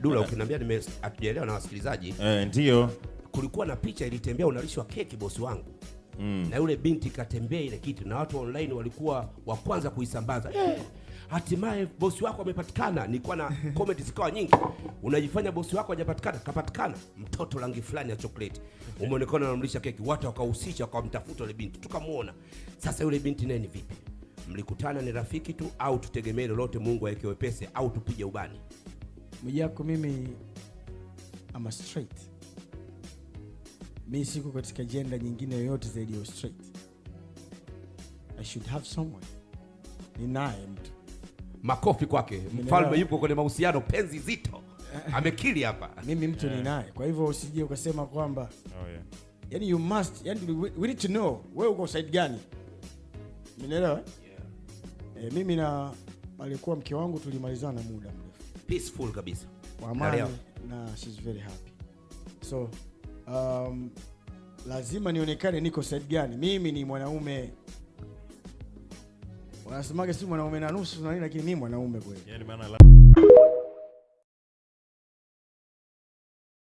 Dula, ukiniambia hatujaelewa na wasikilizaji eh, ndio kulikuwa na picha ilitembea unalishwa keki bosi wangu mm. na yule binti katembea ile kitu na watu online walikuwa wa kwanza kuisambaza eh, hatimaye bosi wako amepatikana. Nilikuwa na comment zikawa nyingi, unajifanya bosi wako hajapatikana, kapatikana mtoto rangi fulani ya chokoleti, umeonekana anamlisha keki. Watu wakahusisha wakamtafuta yule binti, tukamuona. Sasa yule binti naye ni vipi? Mlikutana ni rafiki tu, au tutegemee lolote? Mungu aweke wepesi, au tupige ubani? Mwijaku, mimi ama straight, mi siko katika jenda nyingine yoyote zaidi ya straight. I should have someone, ninaye mtu. Makofi kwake, mfalme yuko kwenye mahusiano, penzi zito amekili hapa. Mimi mtu yeah. ninaye, kwa hivyo usije ukasema kwamba oh, yeah. Yani you must, yani we, we need to know wewe uko side gani, umeelewa? yeah. E, mimi na alikuwa mke wangu tulimalizana muda mrefu peaceful kabisa kwa amani na she's very happy so um, lazima nionekane niko said gani mimi ni mwanaume wanasemaga si mwanaume na nusu nani lakini mi mwanaume kweli yani maana